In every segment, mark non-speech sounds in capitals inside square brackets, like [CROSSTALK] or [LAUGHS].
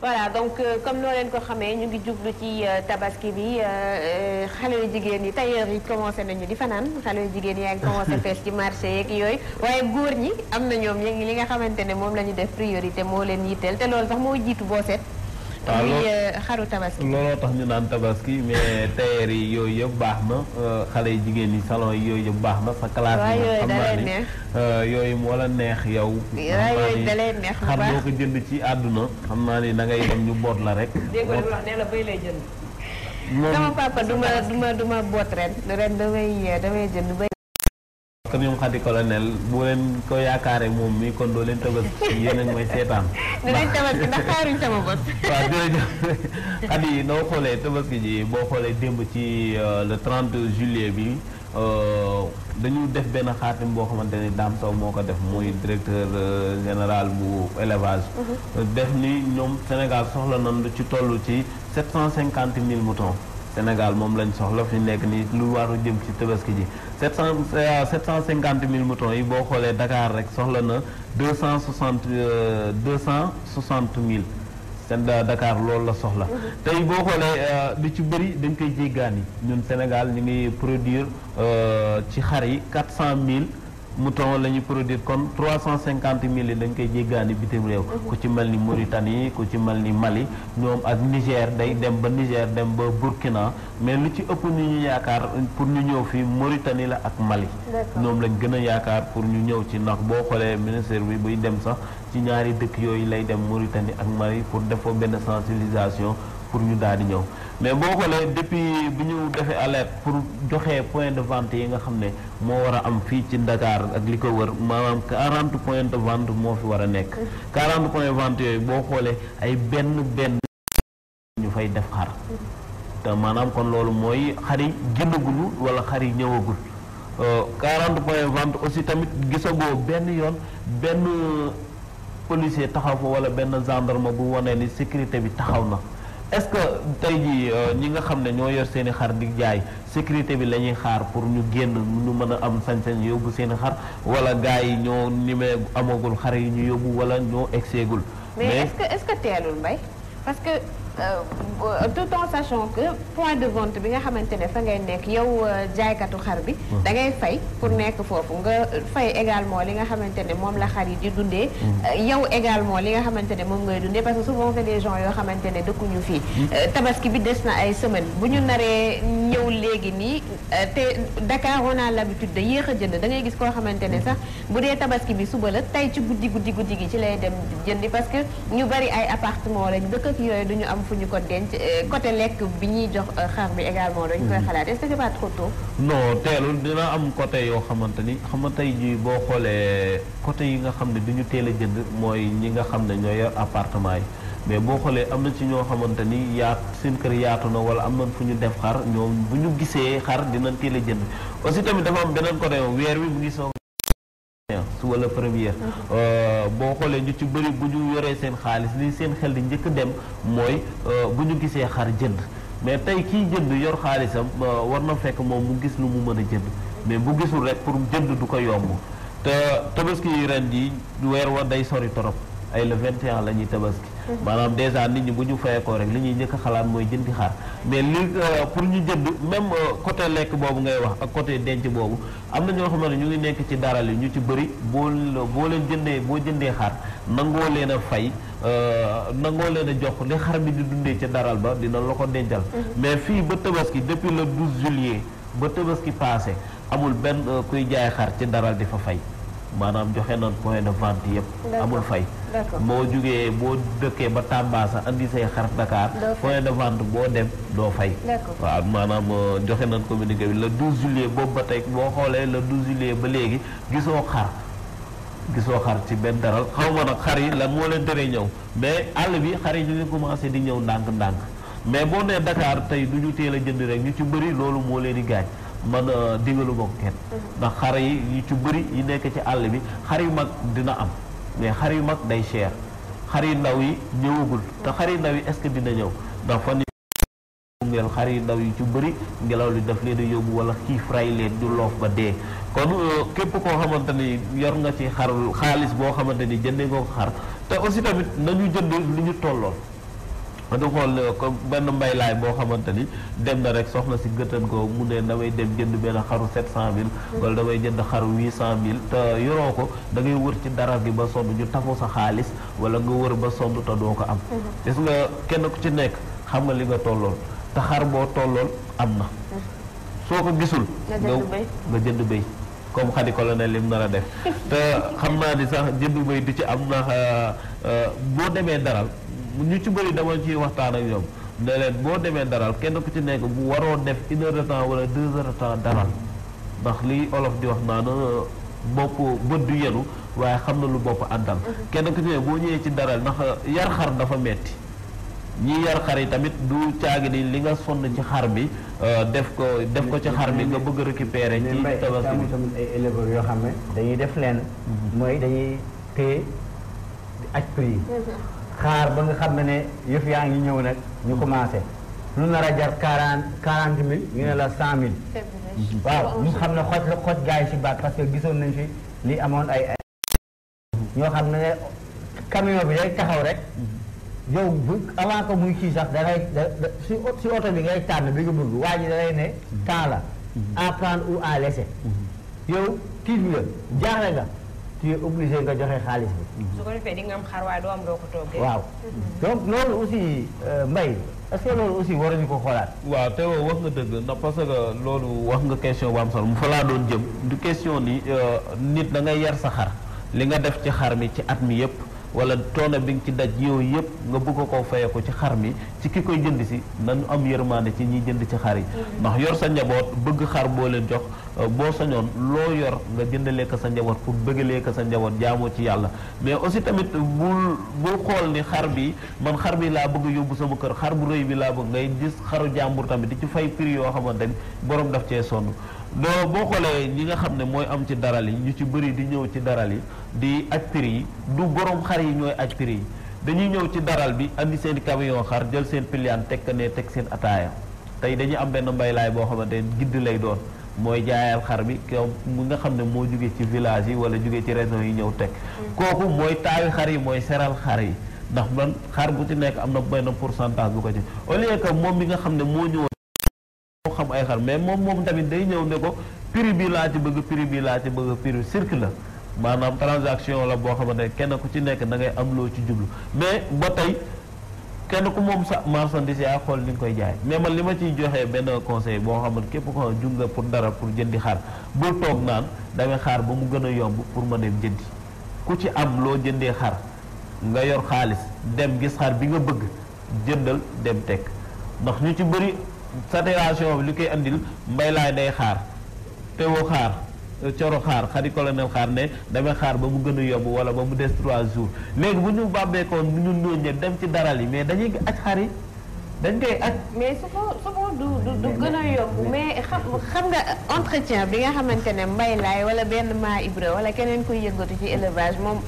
voilà donc euh, comme noo leen ko xamee ñu ngi jublu ci euh, tabaski bi euh, xale yu jigéen yi tailleur yi commencé nañu di fanaan xale yu jigéen yaa ngi commencé [LAUGHS] fees ci marché yeeg yooyu waaye góor ñi am na ñoom ñi li nga xamante ne moom la ñu def priorité moo leen yitteel te loolu sax moo jiitu boo waaw loolu eh, xaru tabaski. looloo tax ñu naan tabaski mais tailleur yi yooyu yëpp baax na euh, xale yi jigéen yi salon yi yooyu yëpp baax na sa classe. waaw yooyu da neex euh, yooyu moo la neex yow. waaw yooyu da leen neex bu baax xam ko jënd ci àdduna. xam naa ni da ngay dem ñu boot la rek. dégg nga wax nee la bay lay jënd. sama papa duma duma boot ren ren damay eh, damay jënd camion xadi colonel boo leen ko yaakaaree moom mi kon doo leen tëbës yéen a ngi may seetaan. [LAUGHS] dinañ tëbës gi ndax xaaruñ sama bos. [LAUGHS] waaw jërëjëf [LAUGHS] xoolee tëbës gi ji boo xoolee démb ci euh, le 30 juillet bi euh, dañu def benn xaatim boo xamante ni Dame Sow moo ko def muy directeur euh, général bu élevage. Mhm. def ni ñoom Sénégal soxla nañ lu ci toll ci cinquante mille moutons. Sénégal moom lañ soxla fi nekk nii lu waru jëm ci tabaski ji 700 750 000 moutons yi boo xoolee dakaar rek soxla na 260 260 000 seen dakaar loolu la soxla. Mhm. tey boo xoolee euh, lu ci bëri dañ koy jéggaani ñun Sénégal ñu ngi produire euh, ci xar yi cent 000. mouton la ñu produire kon trois cent cinquante mille yi dañ koy jéggaani bitim réew mhm. ku ci mel ni Mauritanie ku ci mel ni Mali ñoom ak Niger day dem ba Niger dem ba Burkina mais lu ci ëpp ñu ñu yaakaar pour ñu ñëw fii Mauritanie la ak Mali ñoom lañ gën a yaakaar pour ñu ñëw ci ndax boo xoolee ministère bi buy dem sax ci ñaari dëkk yooyu lay dem Mauritanie ak Mali pour defoo benn sensibilisation pour ñu daal di ñëw mais boo xoolee depuis bi ñu defee alerte pour joxe point de vente yi nga xam ne moo war a am fii ci ndakaar ak li ko wër maanaam 40 point de vente moo fi war a nekk 40 point de vente yooyu boo xoolee ay benn benn ñu fay def xar te maanaam kon loolu mooy xari génnagul wala xari ñëwagul 40 euh, point de vente aussi tamit gisagoo benn yoon benn policier taxaw fa wala benn gendarme bu wonee ni sécurité bi taxaw na est-ce que tey jii euh, ñi nga xam ne ñoo yor seen i xar di jaay sécurité bi la ñuy xaar pour ñu génn ñu mën a am sañ-sañ yóbbu seen i xar wala gars yi ñoo nimee amagul xar yi ñu yóbbu walla ñoo egseegul mais est-ce teelul mbay parce Euh, tout en sachant que point de vente bi nga xamante ne fa ngay nekk yow euh, jaaykatu xar bi dangay ngay fay pour nekk foofu nga fay également li nga xamante ne moom la xar yi di dundee mm-hmm. yow également li xamante ne moom ngay dundee parce que souvent c'est des gens yoo xamante ne dëkkuñu fii mm-hmm. euh, tabaski bi des na ay semaine bu ñu naree ñëw léegi nii te Dakar on a yéex a jënd da ngay gis koo xamante ne sax bu dee tabaski bi suba la tey ci guddi guddi guddi gi ci lay dem jëndi parce que ñu bari ay appartement lañ am fu ñu ko denc euh, côté lekk bi ñuy jox euh, xar bi également dañ koy mhm. xalaat est-ce que c'est pas trop teelul dina am côté yoo xamante ni xam nga tey jii boo xoolee côté yi nga xam ne du ñu teel a jënd mooy ñi nga xam ne ñoo yor appartement yi. mais boo xoolee am na ci ñoo xamante ni yaat seen kër yaatu na wala am na fu ñu def xar ñoom bu ñu gisee xar dina teel a jënd aussi tamit dafa am beneen côté weer wi mu ngi soog wala première euh, boo xoolee ñu ci bëri bu ñu yoree seen xaalis li seen xel di njëkk dem mooy euh, bu ñu gisee xar jënd mais tey kii jënd yor xaalisam euh, war na fekk moom mu gis lu mu mën a jënd mais bu gisul rek pour jënd du ko yomb te tabaski yi ren yi weer wa day sori torop ay la 21 la ñuy tabaski mm-hmm. maanaam dèjà nit ñi bu ñu fayee rek li ñuy njëkk xalaat mooy jëndi xar mais li euh, pour ñu jënd même euh, côté lekk boobu ngay wax ak côté denc boobu am na ñoo ne ñu ngi nekk ci daral yi ñu ci bëri boo boo leen jëndee boo jëndee xar nangoo leen a fay euh, nangoo leen a jox li xar bi di dundee ca daral ba dina la ko dencal. Mm-hmm. mais fii ba tabaski depuis le 12 juillet ba tabaski passé amul benn kuy jaay xar ci daral di fa fay maanaam joxe nañ point de vente yépp amul fay. boo jógee boo dëkkee ba Tamba sax andi xar Dakar point de vente boo dem doo fay waaw maanaam euh, joxe nañ communiqué bi la 12 juillet boobu ba tey boo xoolee le 12 juillet ba léegi gisoo xar gisoo xar ci benn daral xaw ma nag xar yi lan moo leen teree ñëw mais àll bi xar yi ñu ngi commencé di ñëw ndànk-ndànk mais boo nee dakaar tey du ñu teel a jënd rek ñu ci bëri loolu moo leen di gaañ man euh, digalu ma ko kenn mhm. ndax xar yi ñu ci bëri yi nekk ci àll bi xar yu mag dina am mais xar yu mag day cher xar yu ndaw yi ñëwagul te xar yu ndaw yi est-ce que dina ñëw ndax fan xar yu ndaw yi ci bëri ngelaw li daf leen di yóbbu wala xiif ray leen du loof ba dee kon euh, képp koo xamante ni yor nga ci xar xaalis boo xamante ni jëndee nga ko xar te aussi tamit nañu jënd li ñu tolloon ba du xool euh, comme benn mbaylaay boo xamante ni dem na rek soxna si gëtën ko mu ne damay dem jënd benn xaru 700000. wala damay jënd xaru 800000 te yoroo ko da ngay wër ci dara gi ba sonn ñu tafu sa xaalis wala nga wër ba sonn te doo ko am. Mm-hmm. gis nga kenn ku ci nekk xam nga li nga tollool te xar boo tollool am na. soo ko gisul. nga jënd béy nga jënd béy. comme xadi colonel lim nar a def [LAUGHS] te xam naa ni sax jënd béy du ci am na euh, euh, boo demee daral ñu ci bëri dama ciy waxtaan ak ñoom ne boo demee daral kenn ku ci nekk bu waroo def une heure wala deux heures de temps daral ndax li olof di wax naan bopp bët du yenu waaye xam na lu bopp àndal mhm. kenn ku ci nekk boo ñëwee ci daral ndax yar xar dafa metti ñi yar xar yi tamit du caagi ni li nga sonn ci xar bi euh, def ko def ko ci xar bi nga bëgg a récupérer ci tabaski bi tamit ay éleveurs yoo xam ne dañuy def leen mhm. mooy dañuy téye aj prix xaar ba nga xam ne yëf yaa ngi ñëw nag ñu commencé lu nar a jar quarante quarante mille ñu ne la cent mille waaw ñu xam ne xoj la xoj gars si baat parce que gisoon nañ fi li amoon ay ñoo xam ne camion bi day taxaw rek yow bu avant que muy kii sax da si oto bi ngay tànn bi nga bëgg waa ji da lay ne temps la à prendre ou à mhm. yow tiit nga jaaxle nga tu es obligé nga joxe xaalis bi. su ko defee di nga am xar waaye doo am doo ko toogee. waaw donc loolu aussi euh, Mbaye est loolu aussi war waruñu ko xoolaat. waaw te wax nga dëgg ndax parce que loolu wax nga question bu am solo mu fa laa doon jëm du question ni euh, nit da ngay yar sa xar li nga def ci xar mi ci at mi yëpp. wala coono bi nga ci daj yooyu yëpp nga bugg koo faye ko ci xar mi ci ki koy jënd si nañu am yërmaande ci ñiy jënd ci xar yi mm-hmm. ndax yor sa njaboot bëgg xar boo leen jox euh, boo sañoon loo yor nga jëndalee ko sa njaboot pour bëggalee ko sa njaboot jaamoo ci yàlla mais aussi tamit bul bul xool ni xar bi man xar bi laa bëgg yóbbu sama kër xar bu rëy bi laa bëgg ngay gis xaru jàmbur tamit di ci fay prix yoo xamante ni borom daf cee sonn doo boo xoolee ñi nga xam ne mooy am ci daral yi ñu ci bëri di ñëw ci daral yi di aj prix yi du borom xar yi ñooy aj prix yi dañuy ñëw ci daral bi indi seen i camion xar jël seen piliaan teg ne teg seen ataaya tey dañuy am benn mbaylaay boo xamante ne gidd lay doon mooy jaayal xar bi kaw mu nga xam ne moo jóge ci village yi wala jóge ci région yi ñëw teg mm. kooku mooy taawi xar yi mooy seral xar yi ndax man xar bu ci nekk am na benn pourcentage bu ko ci au moom mi nga xam ne moo ñëw am ay mais moom moom tamit day ñëw ne ko prix bi laa ci bëgg prix bi laa ci bëgg prix cirque la maanaam transaction la boo xamante ne kenn ku ci nekk dangay am loo ci jublu mais ba tey kenn ku moom sa marchandise a xool ni nga koy jaay mais man li ma ci joxee benn conseil boo xam ne képp ko jug nga pour dara pour jëndi xar bul toog naan damay xaar ba mu gën a yomb pour ma dem jëndi ku ci am loo jëndee xar nga yor xaalis dem gis xar bi nga bëgg jëndal dem teg fédération bi li koy andil mbay laay day xaar te xaar coro xaar xari colonel xaar ne damay xaar ba mu gën a yomb wala ba mu des trois jours léegi bu ñu bàbbeekoon nu ñun ñooñu ñëpp dem ci dara li mais dañuy aj xar yi dañ koy ak mais su ko su ko du du gën a yomb mais xam xam nga entretien bi nga xamante ne mbay laay wala benn maa ibra wala keneen kuy yëngatu ci élevage moom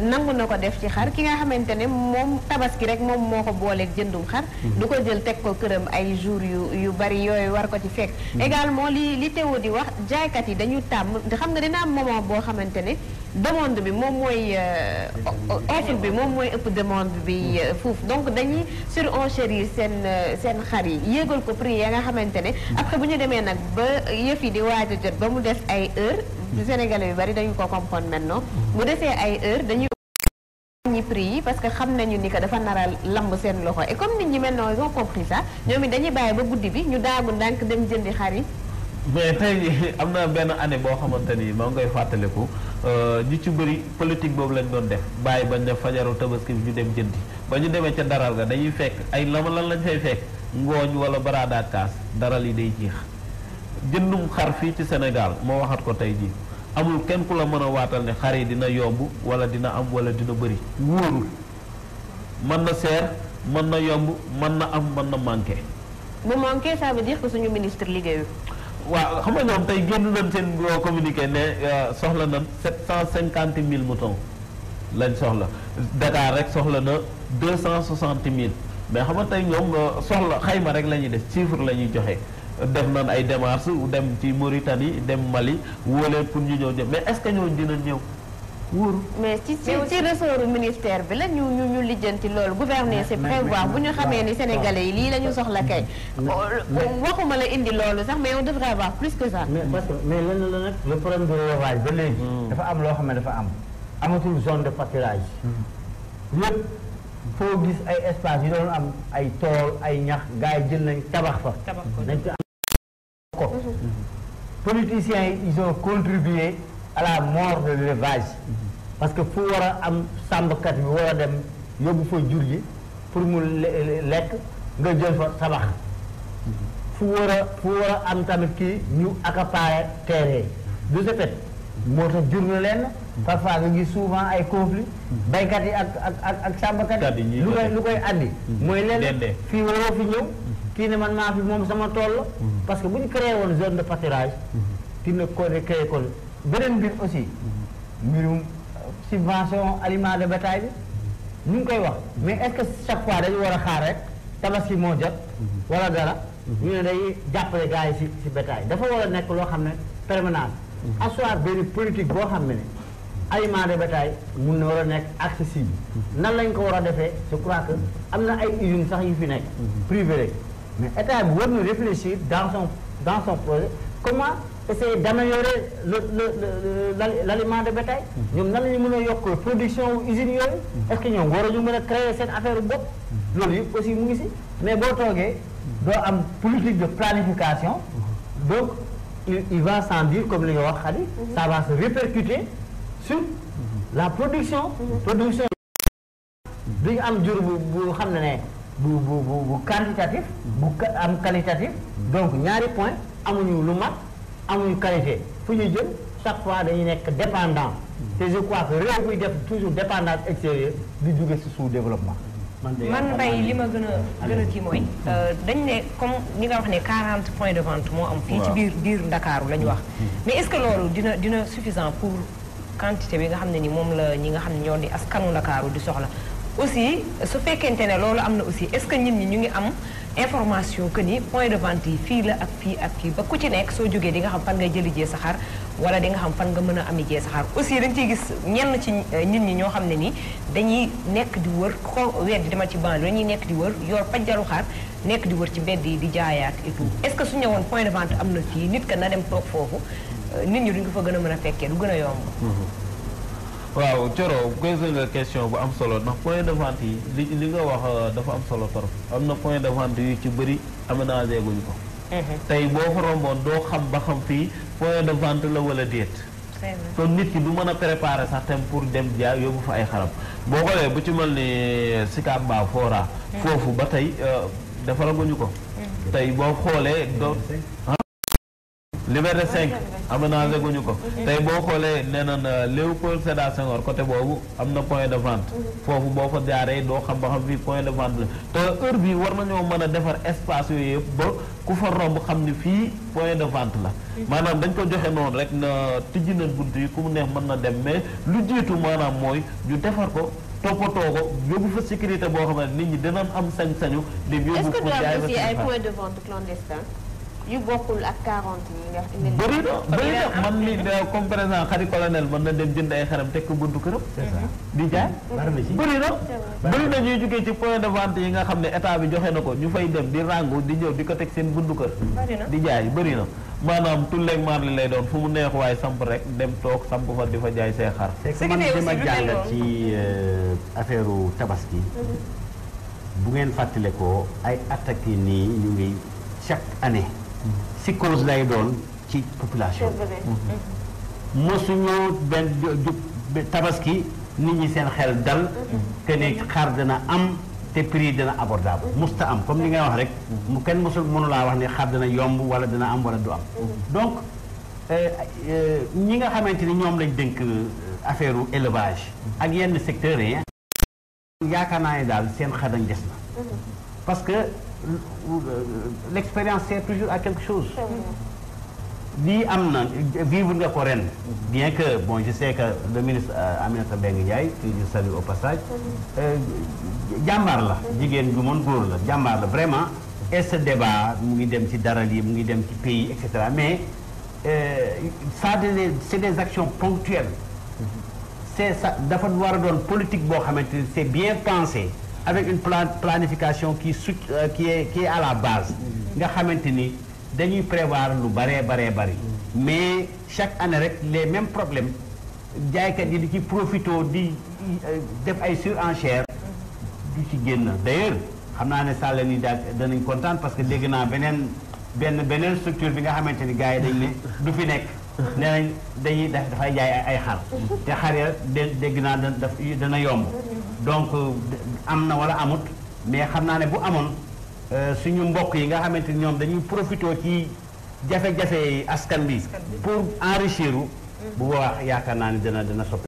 nangu na ko def ci xar ki nga xamante ne moom tabaski rek moom moo ko booleeg jëndum xar hmm. du ko jël teg ko këram ay jour yu yu bari yooyu war ko ci fekk hmm. également li li teewu di wax jaaykat yi dañuy tàmm xam nga dina am moment boo xamante ne demande bi moom mooy euh, offre bi moom mooy ëpp demande bi hmm. euh, foofu donc dañuy surenchérir seen euh, seen xar yi yéegal ko prix ya nga xamante ne après bu ñu demee nag ba yëf yi di waaj a jot ba mu des ay heure du Sénégalais yu bari dañu ko comprendre maintenant bu desee ay heure dañuy ñi prix yi parce que xam nañu ni que dafa nar a seen loxo et comme nit ñi maintenant ils ont compris ñoom it dañuy bàyyi ba guddi bi ñu daagu ndànk dem jëndi xar yi mais tey [LAUGHS] am na benn année boo xamante ni maa ngi koy fàttaliku euh, ñi ci bëri politique boobu lañ doon def bàyyi bañ ne fajaru tabaski bi ñu dem jëndi ba ñu demee ca daral ga dañuy fekk ay lama lan lañ fay fekk ngooñ wala baraadaat kaas daral yi day jeex jëndum xar fii ci Sénégal moo waxat ko tey jii amul kenn ku la mën a waatal ne xar yi dina yomb wala dina am wala dina bëri wóorul mën na seer mën na yomb mën na am mën na manqué. bu manqué ça veut dire que suñu ministre liggéeyu. waaw xam nga ñoom tey génn nañ seen boo communiqué ne euh, soxla na sept cent cinquante mille moutons lañ soxla Dakar rek soxla na deux cent soixante mille mais xam nga tey ñoom euh, soxla xayma rek lañuy ñuy def chiffre la ñuy joxe. def nañ ay démarches dem ci Mauritanie dem Mali wóoleen pour ñu ñëw ñëw mais est-ce que ñooñu dinañ ñëw wóor. mais ci ci ci ressort ministère bi la ñu ñu ñu lijjanti loolu gouverner c'est prévoir bu ñu xamee ni sénégalais yi lii lañu ñu soxla kay. Oh, waxuma la indi loolu sax mais de devrait avoir plus que ça. mais parce que mais lenn la nag le problème ba léegi. Hmm. dafa am loo xam ne dafa am. amatul zone de pâturage. Hmm. lépp foo gis ay espace yu doon am ay tool ay ñax gars yi jël nañ tabax fa. tabax politiciens yi ils contribuer à la mort de l'élevage parce que fu war a am sàmmkat bi war a dem yóbbu fa jur gi pour mu lekk nga jël fa tabax fu war a fu war a am tamit kii ñu accaparer terre de ce fait moo tax jur na leen parfois nga gis souvent ay conflit baykat yi ak ak ak ak sàmmkat yi lu koy lu koy andi mm-hmm. mooy leen fii waroo fi ñëw kii ne man maa fi moom sama tool mhm. parce que bu ñu créé woon zone de pâturage mhm. dina ko créé kon beneen mbir aussi mhm. mbirum euh, subvention aliment de bétail bi ñu ngi koy wax mais est chaque fois dañu war a xaar rek tabaski moo jot wala dara ñu ne day jàppale gars yi si si bataay dafa war a nekk loo xam ne permanence asseoir benn politique boo xam ne ne aliment de bétail mun na war a nekk accessible nan lañ ko war a defee je crois que am na ay usines sax yu fi nekk privé rek mais état bu war na réfléchir dans son dans son projet comment essayer d'améliorer le le le l'aliment de bétail. ñoom nan lañu ñu mën a yokk production usines yooyu. Mm-hmm. est-ce que ñoom waruñu mën a créer seen affaire bopp. Mm-hmm. loolu yëpp aussi mu ngi si mais boo toogee mm-hmm. doo am politique de planification. donc il il va sans comme li nga wax xadi ça va se répercuter sur la production. production duñu am jur bu bu xam ne ne. bu bu bu bu quantitatif. bu am qualitatif. donc ñaari point amuñu lu mat amuñu qualité fu ñu jëm chaque fois dañuy nekk dépendant. te je crois que réew buy def toujours dépendance extérieure di jóge ci sous-développement. man mbay li ma gën a gën a kii mooy. Euh, dañ ne comme ni nga wax ne 40 points de vente moo am. fii ci biir biir Ndakaaru la ñu wax. Mm-hmm. Mm-hmm. mais est-ce que loolu dina dina suffisant pour quantité bi nga xam ne ni moom la ñi nga xam ne ñoo di askanu Ndakaaru di soxla. aussi su fekkente ne loolu am na aussi est-ce que ñun ñi ñu ngi am information que ni point de vente yi fii la ak fii ak fii ba ku ci nekk soo jógee di nga xam fan nga jëli jee saxaar wala di nga xam fan nga mën a amee jee saxaar aussi dañ ciy gis ñenn ci euh, nit ñi ñoo xam ne nii dañuy nekk di wër xoo weer di demal ci banlieue dañuy nekk di wër yor pajjaru xaar nekk di wër ci mbedd yi di jaayaat et tout est-ce que su ñëwoon point de vente am na fii nit ka na dem toog foofu euh, nit ñi duñ ko fa gën a mën a fekkee du gën a yomb mm-hmm. waaw Thioro posé nga question bu am solo ndax point de yi li li nga wax euh, dafa am solo trop am na point de vente yu ci bëri aménagé guñu ko. Mhm. tey boo fa romboon doo xam ba xam fii point de la walla déet. kon nit ki du mën a préparer sax tam pour dem jaay yóbbu fa ay xaram boo xoolee bu ci mal ni euh, Sicap Mbao Fora. Mhm. foofu ba tey euh, defaraguñu ko. Mhm. tey boo xoolee doo. Liberté 5 aménagé guñu ko tey boo xoolee nee na Léopold Sédar or côté boobu am na point de vente foofu boo fa jaaree doo xam ba xam fii point de vente la te heure bi war nañoo mën a defar espace yooyu yëpp ba ku fa romb xam ni fii point de vente la maanaam dañ ko joxe noonu rek na tijji na bunt yi ku mu neex mën na dem mais lu jiitu maanaam mooy ñu defar ko toppatoo ko yóbbu fa sécurité boo xam nit ñi dinañ am sañ-sañu dem yóbbu point de vente clandestin yu bokkul ak 40 yi bëri na bëri na man mi comme par exemple xari colonel mën na dem jënd ay xaram teg ko buntu këram. di jaay. bëri na bëri na ñuy jógee ci point de vente yi nga xam ne état bi joxe na ko ñu fay dem di ràngu di ñëw di ko teg seen buntu kër. di jaay bëri na. maanaam tulleeg maar li lay doon fu mu neex waaye samp rek dem toog samp fa di fa jaay see xar. c'est man dama jàng ci euh, affaire tabaski. Mhm. bu ngeen fàttalikoo ay attaques nii ñu ngi chaque année. si cause lay doon ci population mhm. Mhm. mosuñu benn jub tabaski nit ñi seen xel dal mhm. te ne xar dana am te prix dana abordable musta am comme ni nga wax rek mu kenn mosul mënu laa wax ne xar dana yomb wala dana am wala du am donc euh, euh, ñi nga xamante ni ñoom lañ dénk euh, affaire u élevage ak yenn secteurs yi naa ne daal seen xadañ des na parce que l'expérience sert toujours à quelque chose lii am na vivre nga ko ren bien que bon je sais que le ministre euh, Aminata Mbengue Ndiaye que je salue au passage euh, jàmbaar la jigéen ju mën góor la jàmbaar la vraiment et ce débat mu ngi dem ci dara yi mu ngi dem ci pays et cetera mais euh, ça c'est des actions ponctuelles c'est ça dafa war a doon politique boo xamante ni c'est bien pensé avec une plan planification qui su ki euh, qui est qui à la base. nga xamante ni dañuy prévoir lu baree baree bari. mais chaque année rek les mêmes problèmes jaaykat yi di ci profito di euh, def ay en surenchère du ci génn d'ailleurs xam naa ne sàll nii daal danañ kontaan parce que dégg naa beneen benn beneen structure bi nga xamante ni gars yi dañ du fi nekk. nee nañ dafay jaay ay xar. te xar ya dégg naa daf dana yomb. donc am na wala amut mais xam naa ne bu amoon euh, suñu mbokk yi nga xamante ni ñoom dañuy profité ci jafe-jafe askan bi pour enrichir mm. bu boobaa yaakaar naa ne dina dina soppi